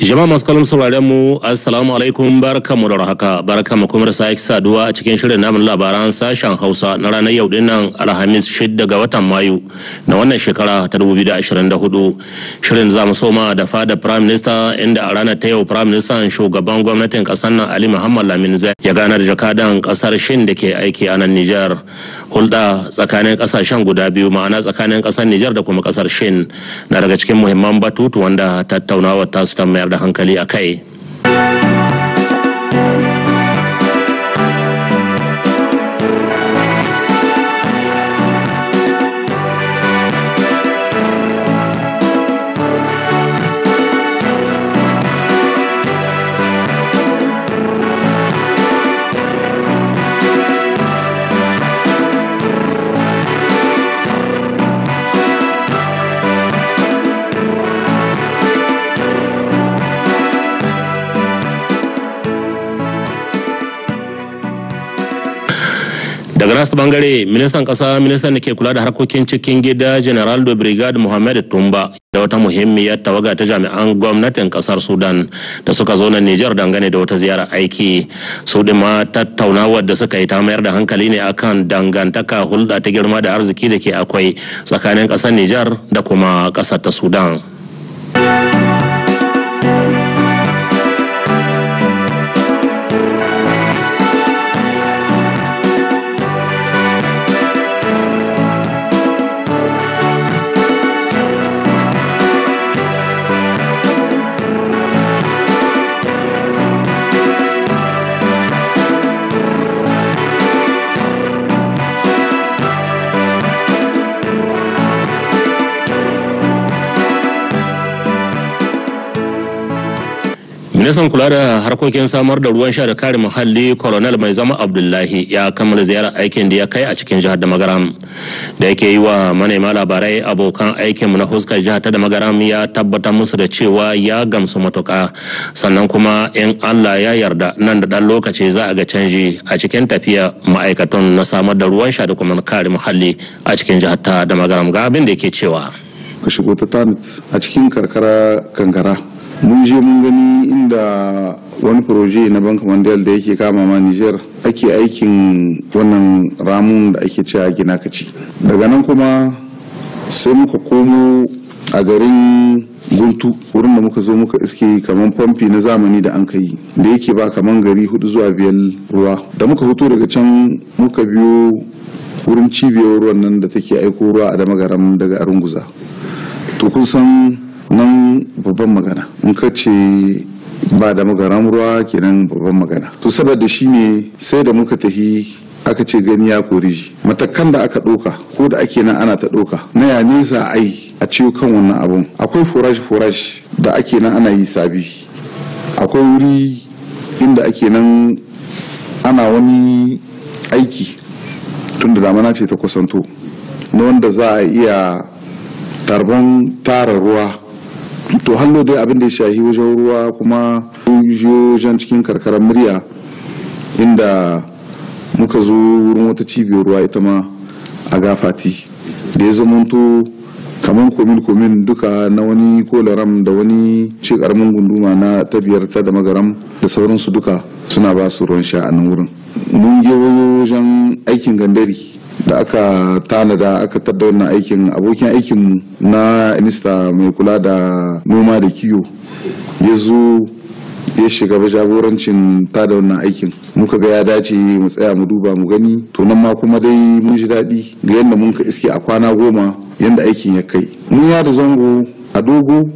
Jama'a masu kallon sauraren mu assalamu alaikum mu da haka mu kuma da yake saduwa a cikin shirin namun labaran sashen Hausa na ranar yau dinnan Alhamis 6 ga watan Mayu na wannan shekara ta 2024 shirin za mu soma da fada Prime Minister inda a ranar ta yau Prime Minister shugaban gwamnatin kasar nan Ali Muhammad Lamin Zai ya gana da jakadan kasar Shin da ke aiki a nan Nijar hulɗa tsakanin ƙasashen guda biyu ma'ana tsakanin ƙasar Nijar da kuma ƙasar Shin na daga cikin muhimman batutu wanda tattaunawar tasu ta mayar da hankali a kai. daga nasu bangare ministan kasa ministan da ke kula da harkokin cikin gida general da brigade muhammad tumba da wata muhimmiyar tawaga ta jami'an gwamnatin kasar sudan da suka zo na nijar dangane da wata ziyara aiki su ma tattaunawar da suka yi ta mayar da hankali ne akan dangantaka hulɗa ta girma da arziki da ke akwai tsakanin kasar nijar da kuma kasar ta sudan ministan kula da harkokin samar da ruwan sha da kare muhalli colonel mai zama abdullahi ya kammala ziyarar aikin da ya kai a cikin jihar da da yake yi wa manema labarai abokan aikinmu na huskar jihar ta damagaram ya tabbatar musu da cewa ya gamsu matuka sannan kuma in allah ya yarda nan da dan lokaci za a ga canji a cikin tafiya ma'aikatan na samar da ruwan sha da kuma kare muhalli a cikin jihar ta da ga abin da yake cewa ka shigo ta tanit a cikin karkara kankara mun je mun gani inda wani proje na bank mondial da yake kama ma niger ake aikin wannan ramun da ake cewa gina kaci daga nan kuma sai muka komo a garin guntu wurin da muka zo muka iske kamar famfi na zamani da an kai da yake ba kamar gari hudu zuwa biyar ruwa da muka fito daga can muka biyo wurin cibiyar ruwan nan da take aiko ruwa a damagaram daga arunguza to kun san nan babban magana in ka ce ba da magaran ruwa kenan babban magana to saboda ne sai da muka tahi aka ce gani ya kori shi matakan da aka ɗauka ko da ake nan ana ta ɗauka na ya nesa a a ciwo kan wannan abun akwai forage-forage da ake nan ana yi sabi akwai wuri inda ake nan ana wani aiki tun da damana ce ta kusanto na wanda za a iya tarban tara ruwa to hallo dai abin da ya shahi wajen ruwa kuma wajen cikin karkarar murya inda muka zo wurin wata cibiyar ruwa ita ma a gafati da ya zamanto kamar komin-komin duka na wani kolaram da wani ce karamin gunduma na tabiyar ta da magaram da sauransu duka suna ba su ruwan sha a nan wurin mun je wajen aikin gandari da aka tanada aka tada wannan aikin abokin aikinmu na minista mai kula da noma da kiwo ya zo ya shiga jagorancin tada wannan aikin muka ga ya dace mu tsaya mu duba mu gani to nan ma kuma dai mun ji daɗi ga yadda mun ka iske a kwana goma yadda aikin ya kai mun ya da zango a dogo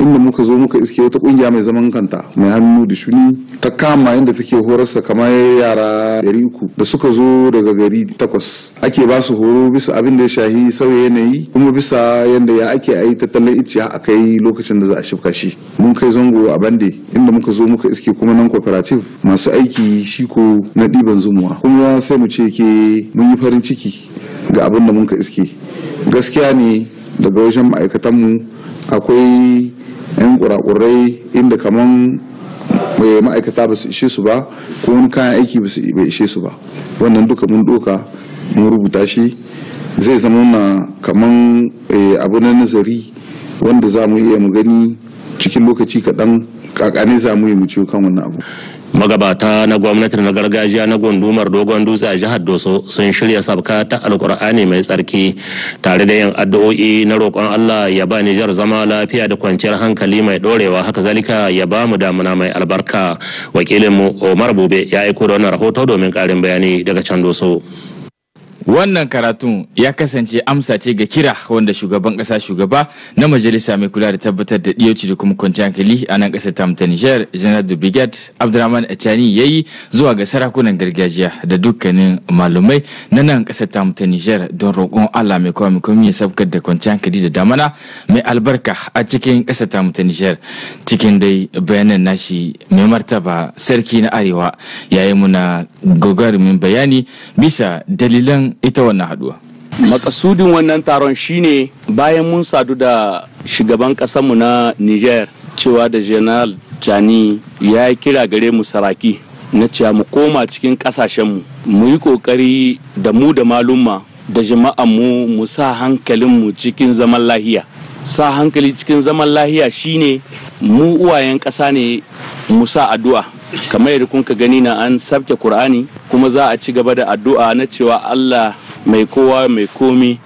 inda muka zo muka iske wata kungiya mai zaman kanta mai hannu da shuni ta kama inda take horarsa kamar yara ɗari uku da suka zo daga gari takwas ake ba su horo bisa abin da ya shahi sauya yanayi kuma bisa yadda ya ake ayi tattalin icciya a kai lokacin da za a shifka shi mun kai zango a bande inda muka zo muka iske kuma nan cooperative masu aiki shi ko na ɗiban zumuwa kuma sai mu ce ke mun yi farin ciki ga abin da muka iske gaskiya ne daga wajen ma'aikatanmu akwai yan kurakurai inda kaman eh, ma'aikata ba su ishe su ba ko wani kayan aiki ba su ishe su ba wannan duka mun doka mun rubuta shi zai zama na kaman eh, abu na nazari wanda za mu iya mu gani cikin lokaci kaɗan kakane za mu yi mu ciwo kan wannan abu magabata na gwamnatin na gargajiya na gundumar dogon dutse a jihar doso sun shirya sabka ta alkur'ani mai tsarki tare da yin addu'o'i na roƙon allah ya ba nijar zama lafiya da kwanciyar hankali mai ɗorewa haka zalika ya ba mu damuna mai albarka wakilinmu omar bube ya aiko da wannan rahoto domin ƙarin bayani daga can doso. Wannan karatun ya kasance amsa ce ga kira wanda shugaban kasa shugaba na majalisa mai kula da tabbatar da diyoci da kuma kwanciyar hankali a nan kasar ta ta Nijar, Janar da Brigade Abdurrahman Achani ya yi zuwa ga sarakunan gargajiya da dukkanin malumai na nan kasar ta ta Nijar don roƙon Allah mai kowa mai ya sabkar da kwanciyar hankali da damana mai albarka a cikin kasar ta ta Nijar. Cikin dai bayanan nashi mai martaba sarki na Arewa yayi muna gogarumin bayani bisa dalilan ita wannan haduwa makasudin wannan taron shine bayan mun sadu da shugaban kasanmu na niger cewa da general jani ya yi kira gare mu saraki na cewa mu koma cikin kasashenmu mu yi kokari da mu da malumma da jama'anmu mu sa hankalinmu cikin zaman lahiya sa hankali cikin zaman lahiya shine mu uwayen ƙasa ne mu sa addu'a kamar yadda kun ka gani na an sabke Kur'ani kuma za a ci gaba da addu'a na cewa Allah mai kowa mai komi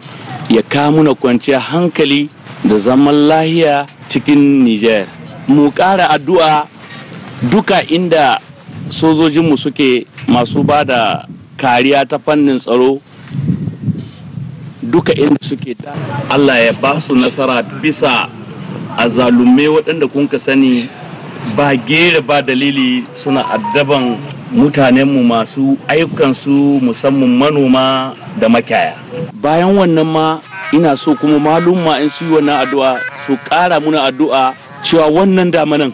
ya kamuna kwanciya hankali da zaman lahiya cikin Nijar. Mu ƙara addu'a duka inda sojojinmu suke masu ba da kariya ta fannin tsaro duka inda suke Allah ya ba su nasara bisa a zalume waɗanda kunka sani ba gera ba dalili suna addaban mutanenmu masu ayyukansu musamman manoma da makyaya. Bayan wannan ma ina so kuma malumma in su yi wannan addu'a su ƙara muna addu'a cewa wannan damanan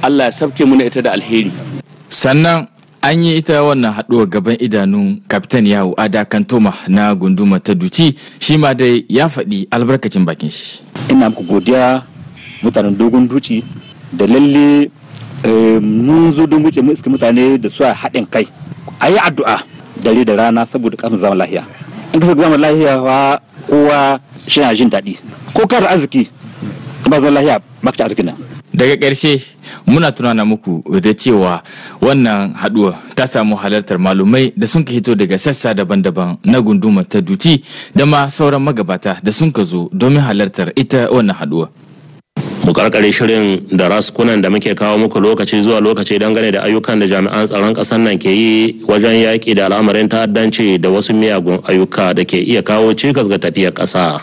Allah ya sabke muna ita da alheri. Sannan an yi ita wannan haɗuwar gaban idanun kaftan yahu ada kantoma na gunduma ta duci shi ma dai ya faɗi albarkacin bakin shi. Ina muku godiya mutanen dogon duci da lalle mun zo don wuce mu iska mutane da su a haɗin kai a yi addu'a dare da rana saboda kafin zaman lahiya in ka zama lahiya wa kowa shi na jin daɗi ko kar arziki ba zama lahiya ba ka arziki nan daga ƙarshe muna tunana muku da cewa wannan haɗuwa ta samu halartar malumai da sun ka hito daga sassa daban-daban na gunduma ta duti da ma sauran magabata da sun ka zo domin halartar ita wannan haɗuwa mu karkare shirin da raskunan da muke kawo muku lokaci zuwa lokaci dangane da ayyukan da jami'an tsaron ƙasar nan ke yi wajen yaƙi da al'amarin ta'addanci da wasu miyagun ayyuka da ke iya kawo cikas ga tafiyar ƙasa.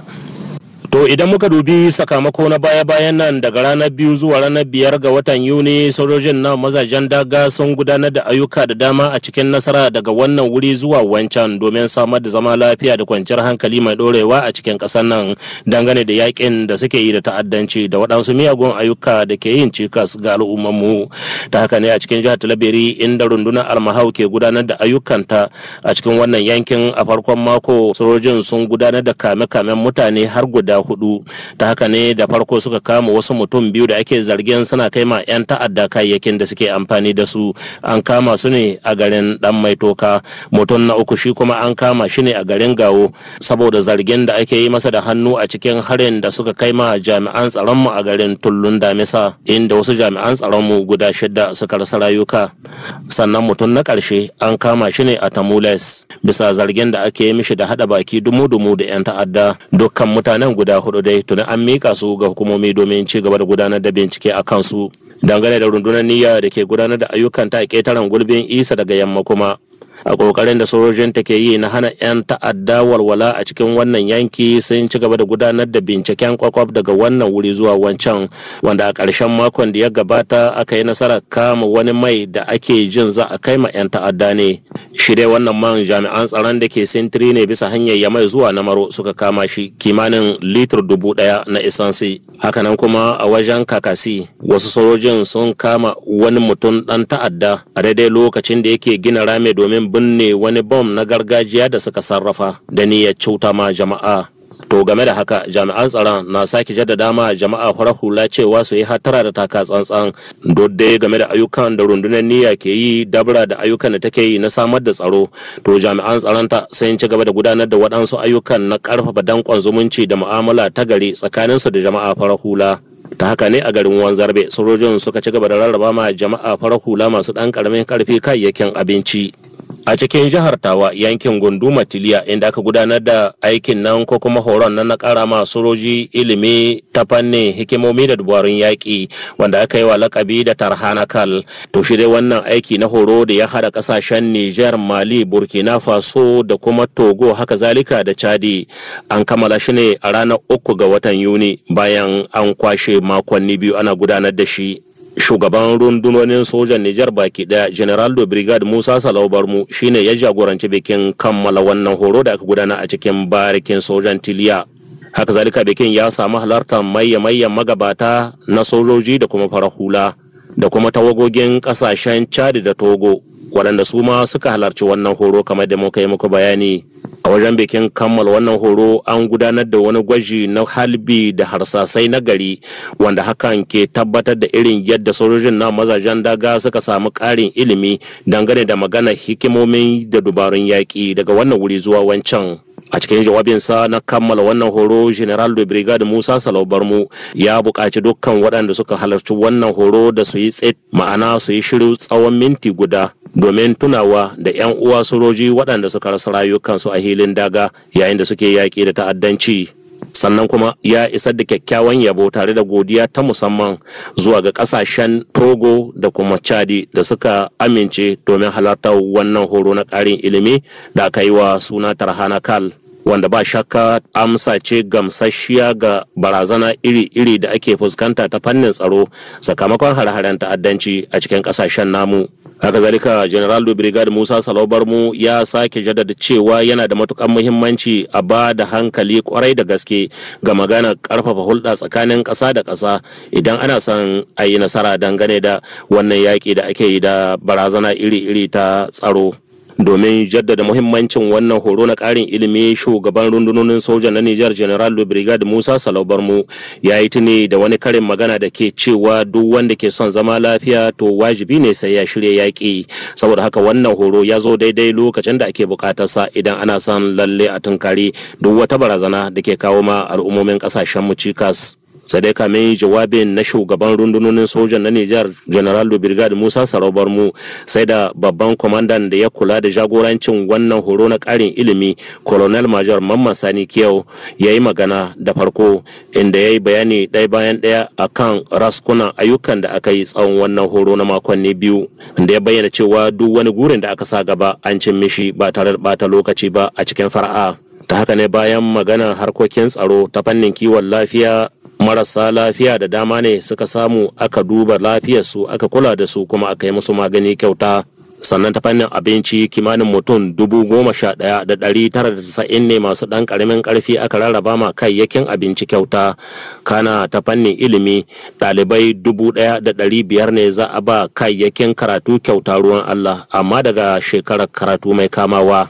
To idan muka dubi sakamako na baya-bayan nan daga ranar biyu zuwa ranar biyar ga watan Yuni sojojin na mazajen daga sun gudanar da ayyuka da dama a cikin nasara daga wannan wuri zuwa wancan domin samar da zama lafiya da kwanciyar hankali mai ɗorewa a cikin ƙasar nan dangane da yakin da suke yi da ta'addanci da waɗansu miyagun ayyuka da ke yin cikas ga al'ummarmu. Ta haka ne a cikin jihar Talabiri inda rundunar almahau ke gudanar da ayyukanta a cikin wannan yankin a farkon mako sojojin sun gudanar da kame-kamen mutane har guda hudu ta haka ne da farko suka kama wasu mutum biyu da ake zargin suna kai ma 'yan ta'adda kayayyakin da suke amfani da su an kama su ne a garin dan mai toka mutum na uku shi kuma an kama shi ne a garin gawo saboda zargin da ake yi masa da hannu a cikin harin da suka kai ma jami'an tsaronmu a garin tullun damisa inda wasu jami'an tsaronmu guda shida suka rasa rayuka sannan mutum na ƙarshe an kama shi ne a tamules bisa zargin da ake yi mishi da hada baki dumu-dumu da 'yan ta'adda dukkan mutanen guda guda hudu dai tuni an mika su ga hukumomi domin ci gaba da gudanar da bincike a kansu dangane da rundunar niyya da ke gudanar da ayyukan ta a ƙetaren gulbin isa daga yamma kuma a kokarin da sojojin ta ke yi na hana 'yan ta'adda walwala a cikin wannan yanki sun ci gaba da gudanar da binciken kwakwaf daga wannan wuri zuwa wancan wanda a ƙarshen makon da ya gabata aka yi nasarar kama wani mai da ake jin za a kai ma 'yan ta'adda ne shi dai wannan man jami'an tsaron da ke sintiri ne bisa hanyar ya mai zuwa na maro suka kama shi kimanin litir dubu ɗaya na isansi hakanan kuma a wajen kakasi wasu sojojin sun kama wani mutum ɗan ta'adda a daidai lokacin da yake gina rame domin binne wani bom na gargajiya da suka sarrafa da niyyar cuta ma jama'a to game da haka jami'an tsaron na sake jaddada ma jama'a farar hula cewa su yi hatara da taka tsantsan dai game da ayyukan da rundunar niyya ke yi dabra da ayyukan da take yi na samar da tsaro to jami'an tsaron ta sun ci gaba da gudanar da waɗansu ayyukan na ƙarfafa dankon zumunci da mu'amala ta gari tsakaninsu da jama'a farar hula ta haka ne a garin wanzarbe sojojin suka ci gaba da rarraba ma jama'a farar hula masu ɗan ƙaramin ƙarfi kayayyakin abinci a cikin jihar tawa yankin gundu matiliya inda aka gudanar da aikin nan ko kuma horon nan na kara ma sojoji ilimi ta fanni hikimomi da dubarun yaƙi wanda aka yi wa lakabi da tarhanakal to shi dai wannan aiki na horo da ya haɗa ƙasashen niger mali burkina faso da kuma togo haka zalika da chadi an kammala shi ne a ranar uku ga watan yuni bayan an kwashe makonni biyu ana gudanar da shi shugaban rundunonin sojan Nijar baki daya General da Brigade Musa Salau Barmu shine ya jagoranci bikin kammala wannan horo da aka gudana a cikin barikin sojan Tiliya. Haka zalika bikin ya samu halartar mayya-mayyan magabata na sojoji da kuma farahula hula da kuma tawagogin kasashen Chad da Togo waɗanda su ma suka halarci wannan horo kamar da muka yi muku bayani. a wajen bikin kammala wannan horo an gudanar da wani gwaji na halbi da harsasai na gari wanda hakan ke tabbatar da irin yadda sojojin na mazajen daga suka samu ƙarin ilimi dangane da magana hikimomin da dubarun yaƙi daga wannan wuri zuwa wancan a cikin jawabinsa na kammala wannan horo general de brigade musa salau barmu ya buƙaci dukkan waɗanda suka halarci wannan horo da su yi tsit ma'ana su yi shiru tsawon minti guda domin tunawa da 'yan uwa sojoji waɗanda suka rasa rayukansu a hilin daga yayin da suke yaƙi da ta'addanci sannan kuma ya isar da kyakkyawan yabo tare da godiya ta musamman zuwa ga kasashen togo da kuma chadi da suka amince domin halartar wannan horo na karin ilimi da aka yi wa suna tarhana kal wanda ba shakka amsa ce gamsasshiya ga barazana iri-iri da ake fuskanta ta fannin tsaro sakamakon hare-haren ta'addanci a cikin kasashen namu a zalika general de brigade musa mu ya sake jaddada cewa yana da matukan muhimmanci a ba da hankali kwarai da gaske ga magana karfafa hulɗa tsakanin ƙasa da ƙasa idan ana son a yi nasara dangane da wannan yaƙi da ake yi da barazana iri-iri ta tsaro domin jaddada muhimmancin wannan horo na karin ilimi shugaban rundunonin soja na Nijar General Brigade Musa Salau Barmu ya yi tuni da wani karin magana da ke cewa duk wanda ke son zama lafiya to wajibi ne sai ya shirya yaƙi saboda haka wannan horo ya zo daidai lokacin da ake buƙatarsa idan ana son lalle a tunkari duk wata barazana da ke kawo ma al'ummomin ƙasashen mu cikas. sai dai kamin jawabin na shugaban rundunonin sojan na Nijar General Brigade Musa Sarobar mu sai da babban kwamandan da ya kula da jagorancin wannan horo na karin ilimi Colonel Major Mamman Sani Kiyau ya yi magana da farko inda ya yi bayani ɗaya bayan ɗaya akan raskunan ayyukan da aka yi tsawon wannan horo na makonni biyu inda ya bayyana cewa duk wani gurin da aka sa gaba an cin mishi ba tare da bata lokaci ba a cikin fara'a. ta haka ne bayan magana harkokin tsaro ta fannin kiwon lafiya marasa lafiya da dama ne suka samu aka duba lafiyarsu aka kula da su kuma aka yi musu magani kyauta sannan ta fannin abinci kimanin mutum dubu goma sha ɗaya da ɗari tara da tasa'in ne masu ɗan ƙaramin ƙarfi aka rarraba ma kayayyakin abinci kyauta kana ta fannin ilimi ɗalibai dubu ɗaya da ɗari biyar ne za a ba kayayyakin karatu kyauta ruwan allah amma daga shekarar karatu mai kamawa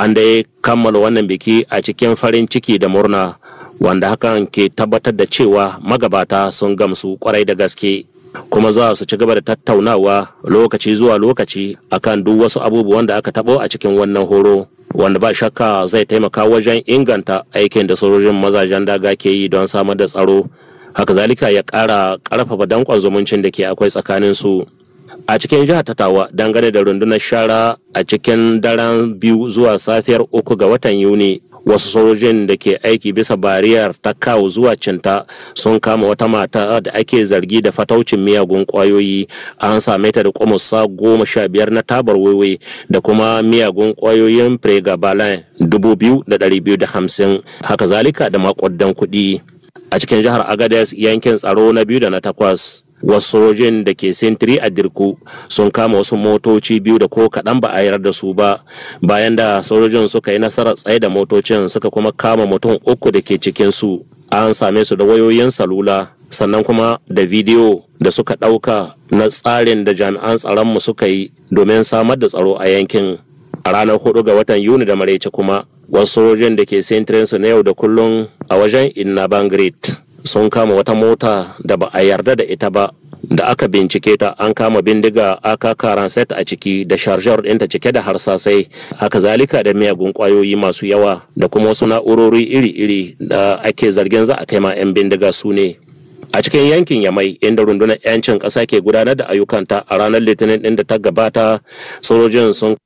an dai kammala wannan biki a cikin farin ciki da murna wanda hakan ke tabbatar da cewa magabata sun gamsu kwarai da gaske kuma za su ci gaba da tattaunawa lokaci zuwa lokaci akan duk wasu abubuwan da aka tabo a cikin wannan horo wanda ba shakka zai taimaka wajen inganta aikin da sojojin mazajen daga ke yi don samar da tsaro haka zalika ya kara karfafa dankon zumuncin da ke akwai tsakanin su a cikin jihar tatawa dangane da rundunar shara a cikin daren biyu zuwa safiyar uku ga watan yuni wasu sojojin da ke aiki bisa bariyar ta kawo zuwa cinta sun kama wata mata da ake zargi da fataucin miyagun kwayoyi an same ta da kwamusa goma sha biyar na tabar waiwai da kuma miyagun kwayoyin pregabalin dubu biyu da ɗari biyu da hamsin haka zalika da maƙudan kuɗi a cikin jihar agadez yankin tsaro na biyu da na takwas wasu sojin da ke sintiri a dirku sun kama wasu motoci biyu da ko kaɗan ba a yarda da su ba bayan da sojojin suka yi nasarar tsaye da motocin suka kuma kama mutum uku da ke cikin su an same su da wayoyin salula sannan kuma da bidiyo da suka ɗauka na tsarin da jami'an tsaronmu suka yi domin samar da tsaro a yankin a ranar hudu ga watan yuni da maraice kuma wasu sojojin da ke sintirinsu na yau da kullum a wajen inna bangrit sun kama wata mota da ba a yarda da ita ba da aka bincike ta an kama bindiga aka karan set a ciki da sharjar ɗinta cike da harsasai haka zalika da miyagun kwayoyi masu yawa da kuma wasu na'urori iri-iri da ake zargin za a kai ma 'yan bindiga su ne a cikin yankin yamai inda rundunar 'yancin ƙasa ke gudanar da ayyukanta a ranar litinin ɗin da ta gabata sojojin sun